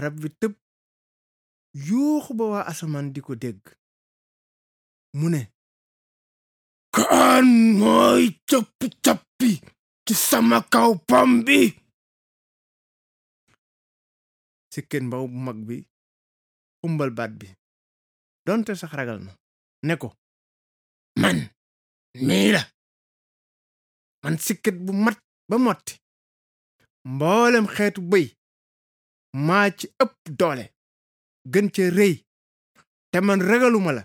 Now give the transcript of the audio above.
rab wi tëb yuuxu ba waa asamaan di ko dégg mu ne kaan mooy cappi-cappi ci sama kaw pom bi sikkeen mbaw bu mag bi umbal baat bi donte sax ragal na ne ko man mii man sikket bu mat ba motti mboolem xeetu bëy maa ci ëpp doole gën ca rëy te man ragaluma la